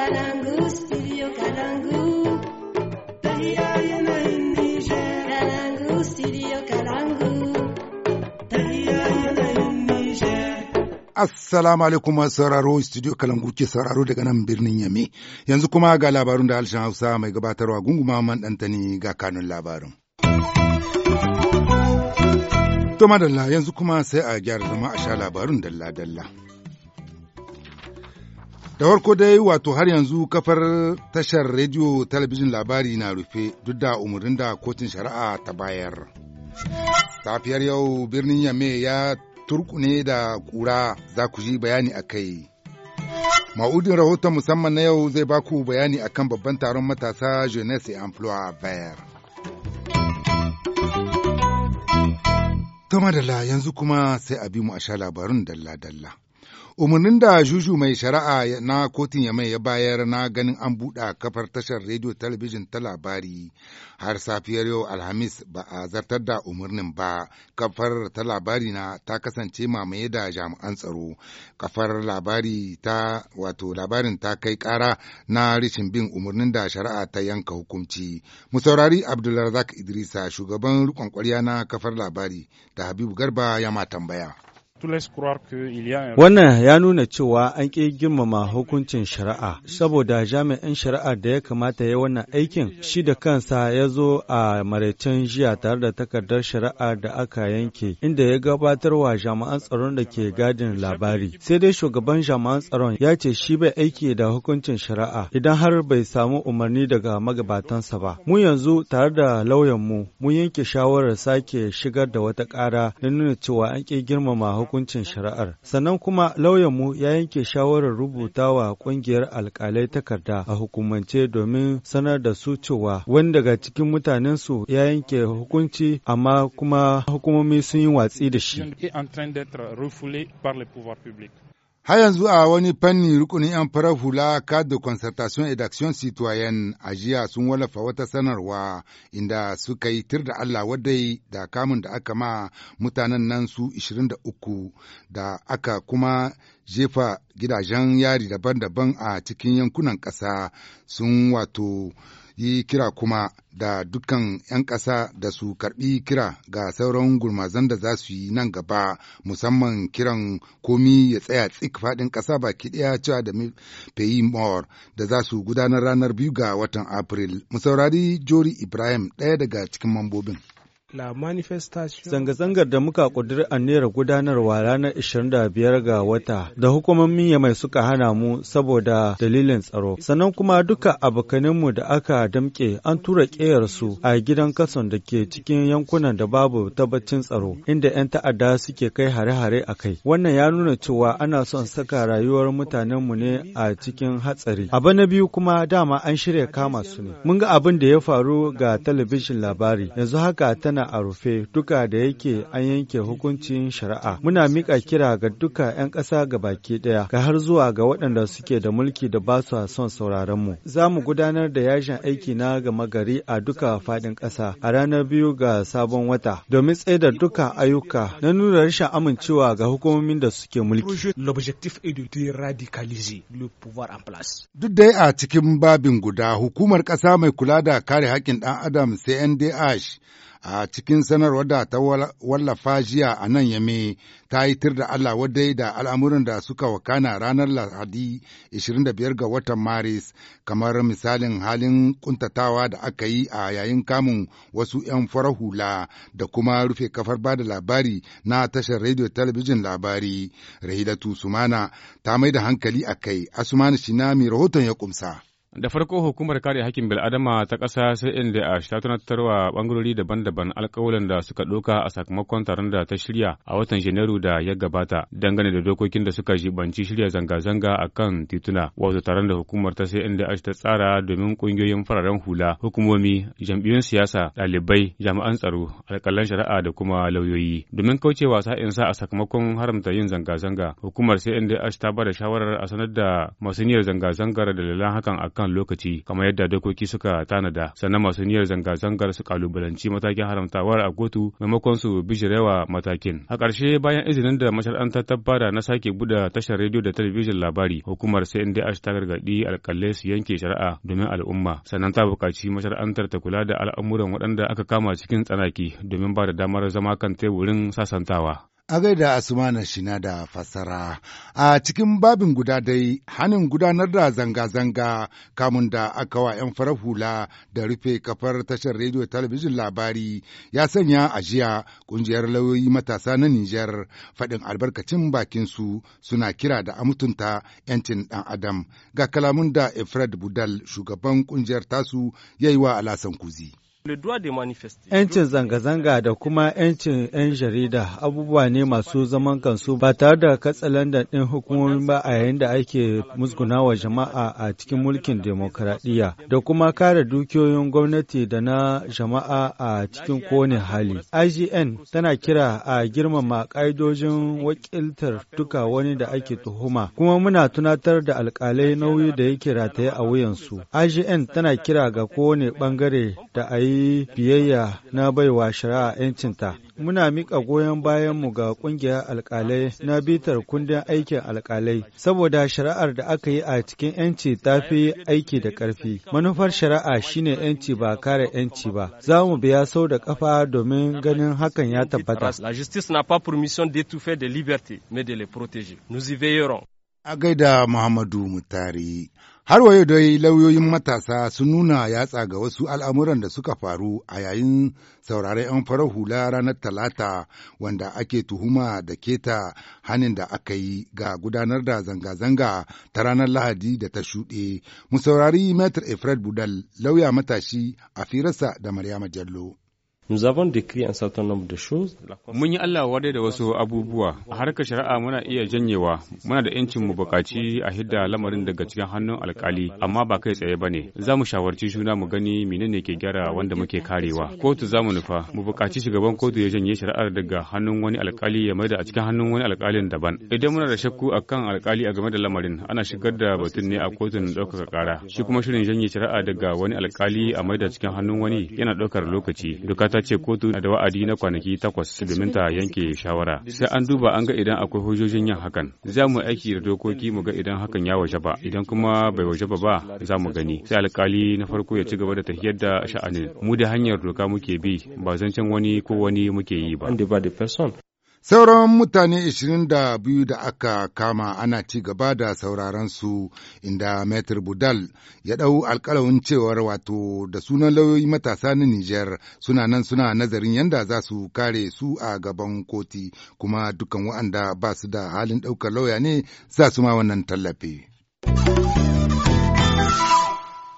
Kalangu, studio Kalangu. Kalangu, Assalamu alaikum sauraro studio Kalangu ke sauraro daga nan birnin Yame. Yanzu kuma ga labarun da Alshan Hausa mai gabatarwa gunguma man ɗantani ga kanun labarin. To madalla yanzu kuma sai a gyara zama a sha labarun dalla-dalla. Da farko dai wato har yanzu kafar tashar rediyo talabijin labari na rufe duk da umarnin da kotun shari'a ta bayar. Safiyar yau birnin Yame ya turkune da kura za ku ji bayani a kai. Ma'udin rahoton musamman na yau zai baku bayani akan babban taron matasa Jeunesse Emploi a Tama dala yanzu kuma sai a bi mu a sha labarun dalla-dalla. Umarnin da Shushu mai shari'a na kotun Yamai ya bayar na ganin an buɗe kafar tashar rediyo talabijin ta labari har safiyar yau Alhamis ba a zartar da umarnin ba, kafar ta labari na ta kasance mamaye da jami'an tsaro. Kafar labari ta wato labarin ta kai kara na rishin bin umarnin da shari'a ta yanka hukunci. Mu saurari Abdulrazak Idrisa shugaban riƙon na kafar labari da Habibu Garba ya ma tambaya. Wannan ya nuna cewa an ƙi girmama hukuncin shari'a, saboda jami'in shari'a da ya kamata ya wannan aikin shi da kansa ya zo a maraicen jiya tare da takardar shari'a da aka yanke, inda ya gabatar wa jami'an tsaron da ke gadin labari. Sai dai shugaban jami'an tsaron ya ce shi bai aiki da hukuncin shari'a idan har bai samu umarni daga magabatansa ba. Mu yanzu tare da lauyanmu mun yanke shawarar sake shigar da wata ƙara na nuna cewa an ƙi girmama hukuncin hukuncin shari'ar. Sannan kuma lauyanmu ya yanke shawarar rubuta wa ƙungiyar alƙalai takarda a hukumance domin sanar da su cewa wani daga cikin mutanensu ya yanke hukunci amma kuma hukumomi sun yi watsi da shi. Har yanzu a wani fanni rukunin 'yan farar hula Card de Concertation et d'Action Citoyenne a jiya sun wallafa wata sanarwa inda suka yi tir da Allah wadai da kamun da aka ma mutanen nan su 23 da aka kuma jefa gidajen yari daban-daban a cikin yankunan ƙasa sun wato yi kira kuma da dukkan 'yan ƙasa da su karɓi kira ga sauran gurmazan da za su yi nan gaba musamman kiran komi ya tsaya tsik faɗin ƙasa baki ɗaya cewa da peyi mor da za su gudanar ranar biyu ga watan april mu saurari jori ibrahim ɗaya daga cikin mambobin Zanga-zangar da muka ƙudiri aniyar gudanarwa ranar 25 ga wata da hukumomin mai suka hana mu saboda dalilin tsaro. Sannan kuma duka abokanenmu da aka damke an tura ƙeyarsu a gidan kason da ke cikin yankunan da babu tabbacin tsaro inda 'yan ta'adda suke kai hare-hare a kai. Wannan ya nuna cewa ana son saka rayuwar mutanenmu ne a cikin hatsari. Abu na biyu kuma dama an shirya kama su ne. Mun ga abin da ya faru ga talabijin labari. Yanzu haka tana gudana a rufe duka da yake an yanke hukuncin shari'a. Muna mika kira ga duka 'yan ƙasa ga baki ɗaya ga har zuwa ga waɗanda suke da mulki da ba su son sauraron mu. Za mu gudanar da yashin aiki na gama gari a duka faɗin ƙasa a ranar biyu ga sabon wata domin da duka ayyuka na nuna rashin amincewa ga hukumomin da suke mulki. Duk dai a cikin babin guda hukumar ƙasa mai kula da kare haƙƙin ɗan adam CNDH a cikin sanarwar da ta wallafa jiya a nan yame ta yi tir da Allah wadai da al'amuran da suka wakana ranar Lahadi 25 ga watan Maris kamar misalin halin kuntatawa da aka yi a yayin kamun wasu ‘yan farahula, da kuma rufe kafar ba da labari na tashar rediyo talabijin labari. Rahilatu Sumana ta mai da hankali a kai, Asumani Shinami rahoton ya kumsa. Da farko hukumar kare hakkin bil'adama ta ƙasa inda ta tunatarwa ɓangarori daban-daban alƙawalin da suka ɗauka a sakamakon taron da ta shirya a watan Janairu da ya gabata dangane da dokokin da suka jibanci shirya zanga-zanga a kan tituna. Wato taron da hukumar ta sai inda ta tsara domin ƙungiyoyin fararen hula, hukumomi, jam'iyyun siyasa, ɗalibai, jami'an tsaro, alƙalan shari'a da kuma lauyoyi. Domin kauce kaucewa sa a sakamakon haramta yin zanga-zanga, hukumar sai inda ta ba da shawarar a sanar da masu niyyar zanga-zangar da dalilan hakan a kan lokaci kamar yadda dokoki suka tanada sannan masu niyyar zanga-zangar su kalubalanci matakin haramtawar a kotu maimakon su bijirewa matakin a ƙarshe bayan izinin da mashar'antar ta bada na sake buɗe tashar rediyo da talabijin labari hukumar sai CNDH ta gargaɗi alƙalle su yanke shari'a domin al'umma sannan ta buƙaci mashar'antar ta kula da al'amuran waɗanda aka kama cikin tsanaki domin ba da damar zama kan teburin sasantawa A gaida Asumana Shina da fassara. A cikin babin guda dai, hanin gudanar da zanga-zanga kamun da aka wa 'yan farar hula da rufe kafar tashar rediyo talabijin labari ya sanya a jiya ƙungiyar lauyoyi matasa na Nijar faɗin albarkacin bakinsu suna kira da a mutunta 'yancin ɗan Adam. Ga kalamun da Efred Budal shugaban ƙungiyar tasu ya yi wa Alasan Kuzi. 'Yancin zanga-zanga da kuma 'yancin 'yan jarida abubuwa ne masu zaman kansu ba tare da katsalandan ɗin hukumomi ba a yayin da ake musguna wa jama'a a cikin mulkin demokuraɗiyya da kuma kare dukiyoyin gwamnati da na jama'a a cikin kowane hali. IGN tana kira a girmama ƙa'idojin wakiltar duka wani da ake tuhuma kuma muna tunatar da alƙalai nauyi da yake rataye a wuyansu. IGN tana kira ga kowane bangare da a yi yi biyayya na baiwa shari'a 'yancinta. Muna mika goyon bayanmu ga ƙungiyar alƙalai na bitar kundin aikin alƙalai, saboda shari'ar da aka yi a cikin 'yanci ta fi aiki da ƙarfi. Manufar shari'a shine 'yanci ba kare 'yanci ba. Za mu biya sau da ƙafa domin ganin hakan ya tabbata. La justice n'a pas pour mission d'étouffer des libertés, mais de les protéger. Nous y veillerons. A gaida Muhammadu Mutari. Har wayo dai lauyoyin matasa sun nuna yatsa ga wasu al'amuran da suka faru a yayin saurare 'yan farar hula ranar Talata wanda ake tuhuma da keta hanin da aka yi ga gudanar da zanga-zanga ta ranar Lahadi da ta shuɗe. Mu saurari Metr Efred Budal, lauya matashi a firarsa da Maryama Jallo. Mun yi Allah wadai da wasu abubuwa, a harkar shari'a muna iya janyewa, muna da ‘yancin mu bukaci a hidda lamarin daga cikin hannun alkali, amma ba kai tsaye ba ne. Za mu shawarci juna mu gani menene ke gyara wanda muke karewa. Kotu za mu nufa, mu bukaci shugaban kotu ya janye shari'ar daga hannun wani alkali ya maida a cikin hannun wani alkalin daban. Idan muna da shakku akan alkali a game da lamarin, ana shigar da batun ne a kotun ɗaukaka ƙara. Shi kuma shirin janye shari'a daga wani alkali a maida cikin hannun wani yana ɗaukar lokaci. Dukata ce kotu na da wa'adi na kwanaki takwas domin ta yanke shawara. Sai an duba an ga idan akwai hujjojin yin hakan. Za mu aiki da dokoki mu ga idan hakan ya waje ba, idan kuma bai waje ba ba za mu gani. Sai alkali na farko ya ci gaba da tafiyar da sha'anin. Mu da hanyar doka muke bi ba zancen wani ko wani muke yi ba. Sauran mutane 22 da aka kama ana ci gaba da sauraron su inda Metr Budal ya ɗau alkalawin cewar wato da sunan lauyoyi matasa na Nijar suna nan suna nazarin yadda za su kare su a gaban koti kuma dukan wa'anda ba su da halin ɗaukar lauya ne za su ma wannan tallafi.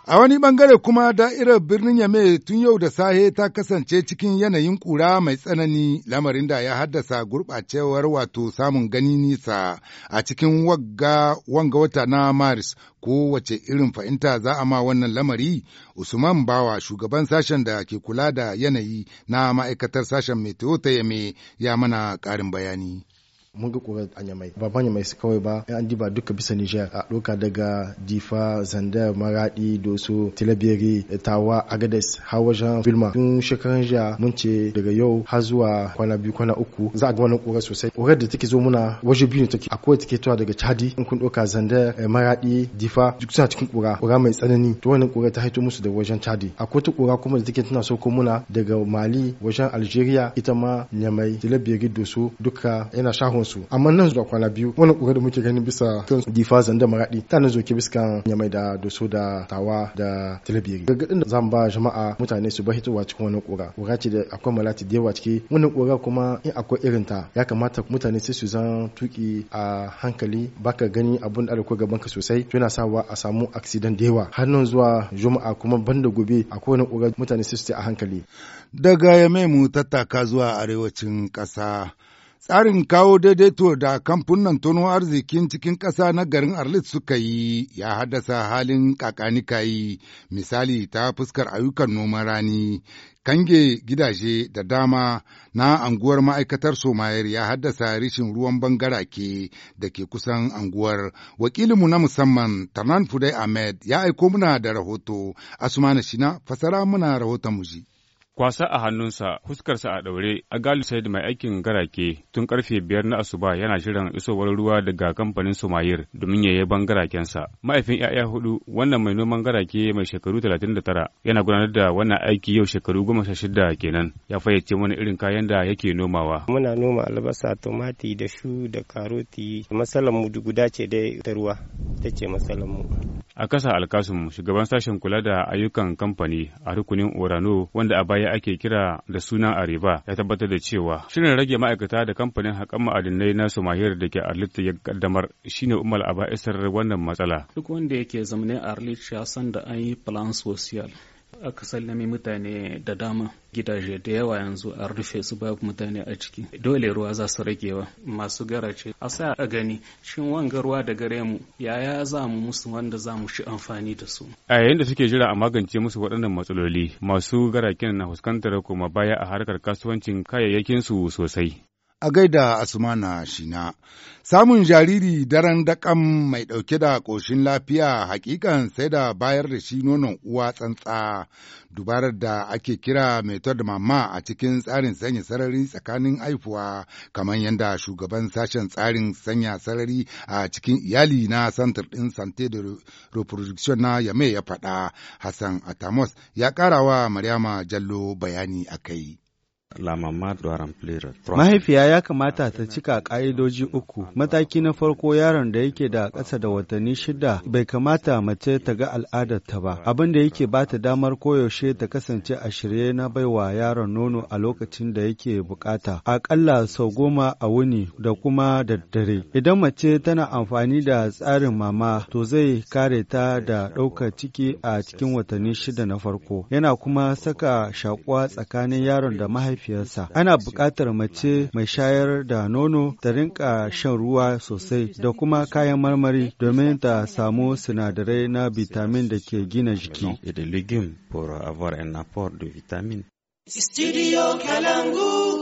A wani ɓangare kuma da'irar birnin Yame tun yau da sahe ta kasance cikin yanayin ƙura mai tsanani lamarin da ya haddasa gurɓacewar wato samun gani nisa a cikin wanga wata na Maris kowace irin fahimta za a ma wannan lamari Usman Bawa shugaban sashen da ke kula da yanayi na ma'aikatar sashen Meteo ta Yame ya mana ƙarin bayani. mun ga kura a mai ba banya su kawai ba an diba duka bisa Niger a doka daga Difa Zandar Maradi Doso tilabiri Tawa Agades har wajen tun shekaran jiya mun ce daga yau har zuwa kwana biyu kwana uku za a ga wani kura sosai korar da take zo muna waje biyu take akwai take tuwa daga Chadi in kun doka Zandar eh, Maradi Difa duk suna cikin kura kura mai tsanani to wannan kura ta haito musu da wajen Chadi akwai ta kura kuma da take tana so muna daga Mali wajen Algeria ita ma Nyamai tilabiri Doso duka yana shahu kansu amma nan zuwa kwana biyu wani kokari da muke gani bisa kan difazan da maradi ta nan zoke bisa kan yamai da doso da tawa da talabiri gargadin da zan ba jama'a mutane su ba hitowa cikin wani kura kura ce da akwai malati da yawa ciki wani kura kuma in akwai irin ta ya kamata mutane sai su zan tuki a hankali baka gani abun da ko gaban ka sosai yana sawa a samu accident da yawa har nan zuwa juma'a kuma banda gobe akwai wani kura mutane sai su a hankali daga yamai mu tattaka zuwa arewacin ƙasa Tsarin kawo daidaito da kamfunan tono arzikin cikin ƙasa na garin Arlit suka yi ya haddasa halin kakanikayi misali ta fuskar ayyukan noman rani, kange gidaje da dama na anguwar ma'aikatar somayar ya haddasa rishin ruwan bangarake da ke kusan anguwar wakilinmu na musamman tanan fudai ahmed ya aiko muna da rahoto asumana shina fasara muna rahoton muji kwasa a hannunsa fuskarsa a ɗaure a galisaid mai aikin garake tun karfe biyar na asuba yana shirin isowar ruwa daga kamfanin sumayir domin ya yi bangarakensa mahaifin ya'ya hudu wannan mai noman garake mai shekaru talatin da tara yana gudanar da wannan aiki yau shekaru goma sha shida kenan ya fayyace mana irin kayan da yake nomawa muna noma albasa tumati da shu da karoti masalan mu guda ce dai ta ruwa ta ce masalan mu a kasa alkasum shugaban sashen kula da ayyukan kamfani a rukunin orano wanda a baya ya ake kira da sunan ariba ya tabbatar da cewa shirin rage ma'aikata da kamfanin haƙan ma'adinai na Somahir da ke Arlit ya kaddamar shine Umar Aba isar wannan matsala. Duk wanda yake zamanin Arlit ya san da an yi plan social aka sallame mutane da dama gidaje da yawa yanzu a rufe su babu mutane a ciki dole ruwa za su ragewa masu gara ce a sa a gani shin wanga ruwa da gare mu yaya za mu musu wanda za mu shi amfani da su a yayin da suke jira a magance musu waɗannan matsaloli masu garaken na fuskantar kuma baya a harkar kasuwancin kayayyakin su sosai a gaida Asumana Shina. Samun jariri daren daƙan mai ɗauke da ƙoshin lafiya hakikan sai da bayar da shi nonon uwa tsantsa dubarar da ake kira metod mama a cikin tsarin sanya sarari tsakanin haifuwa kamar yadda shugaban sashen tsarin sanya sarari a cikin iyali na santar ɗin sante da reproduction na yame ya faɗa Hassan Atamos ya ƙara wa Maryama Jallo bayani a kai. Mahaifiya ya kamata ta cika ƙa'idoji uku. Mataki na farko yaron da yake da ƙasa da watanni shida bai kamata mace ta ga al'adarta ba. Abin da yake ba ta damar koyaushe ta kasance a shirye na baiwa yaron nono a lokacin da yake bukata. Aƙalla sau goma a wuni da kuma daddare, Idan mace tana amfani da tsarin mama to zai kare ta da ɗaukar ciki a cikin watanni shida na farko. Yana kuma saka shakuwa tsakanin yaron da mahaifiya mahaifiyarsa. Ana buƙatar mace mai shayar da nono ta rinka shan ruwa sosai da kuma kayan marmari domin ta samu sinadarai na bitamin da ke gina jiki. Studio Kalangu.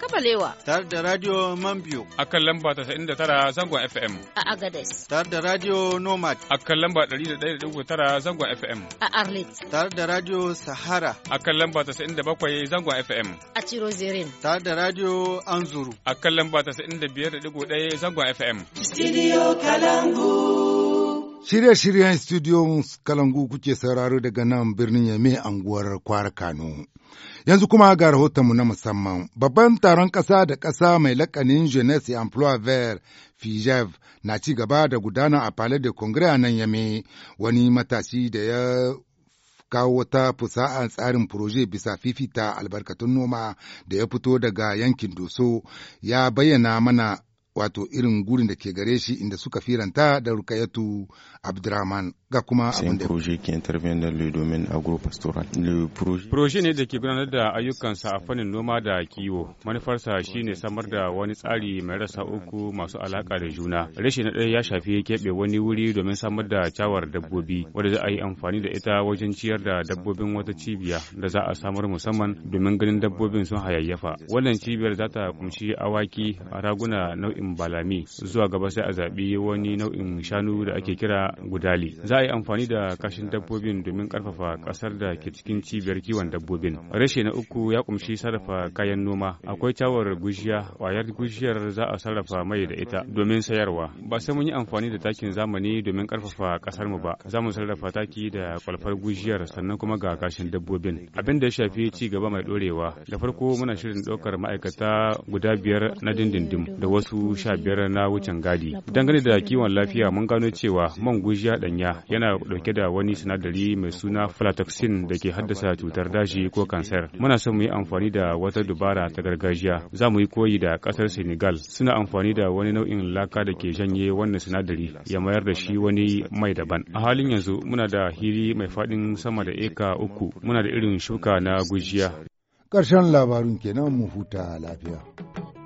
Kabalewa. Tare da Radio mambio. A kan lamba tara zangon FM. A Agades. Tare da Radio Nomad. A kan lamba tara zangon FM. A Arlit. Tare da Radio Sahara. A kan lamba bakwai zangon FM. A Tirozirin. Tare da Radio Anzuru. A kan lamba biyar 95.1 zangon FM. Studio Kalangu. Shirye-shiryen Studio Kalangu kuke sauraro daga nan birnin Yame anguwar Kwara Kano. Yanzu kuma ga rahotonmu na musamman, babban taron ƙasa da ƙasa mai lakanin Jeunesse et Emploi Vert Fijev na ci gaba da gudana a Palais de Congrès a nan Yame, wani matashi da ya kawo wata a tsarin proje bisa fifita albarkatun noma da ya fito daga yankin Doso ya bayyana mana wato irin gurin da ke gare shi inda suka firanta da Rukayatu Abdurrahman. ga kuma abin da proje ne da ke gudanar da ayyukansa a fannin noma da kiwo manufarsa shine samar da wani tsari mai rasa uku masu alaka da juna rashi na ɗaya ya shafi keɓe wani wuri domin samar da cawar dabbobi wanda za a yi amfani da ita wajen ciyar da dabbobin wata cibiya da za a samar musamman domin ganin dabbobin sun hayayyafa wannan cibiyar za ta kumshi awaki a raguna nau'in balami zuwa gaba sai a zaɓi wani nau'in shanu da ake kira gudali za yi amfani da kashin dabbobin domin karfafa kasar da ke cikin cibiyar kiwon dabbobin. Reshe na uku ya kumshi sarrafa kayan noma. Akwai cawar gujiya, kwayar gujiyar za a sarrafa mai da ita domin sayarwa. Ba sai mun yi amfani da takin zamani domin karfafa kasar mu ba. Za mu sarrafa taki da kwalfar gujiyar sannan kuma ga kashin dabbobin. Abin da ya shafi ci gaba mai dorewa. Da farko muna shirin ɗaukar ma'aikata guda biyar na dindindim da wasu sha biyar na wucin gadi. Dangane da kiwon lafiya mun gano cewa man gujiya ɗanya yana dauke da wani sinadari mai suna flatoxin da ke haddasa cutar daji ko kansar. Muna son mu yi amfani da wata dubara ta gargajiya. Za mu yi koyi da kasar Senegal. Suna amfani da wani nau'in laka da ke janye wannan sinadari ya mayar da shi wani mai daban. A halin yanzu muna da hiri mai faɗin sama da eka uku. Muna da irin shuka na gujiya. Ƙarshen labarin kenan mu huta lafiya.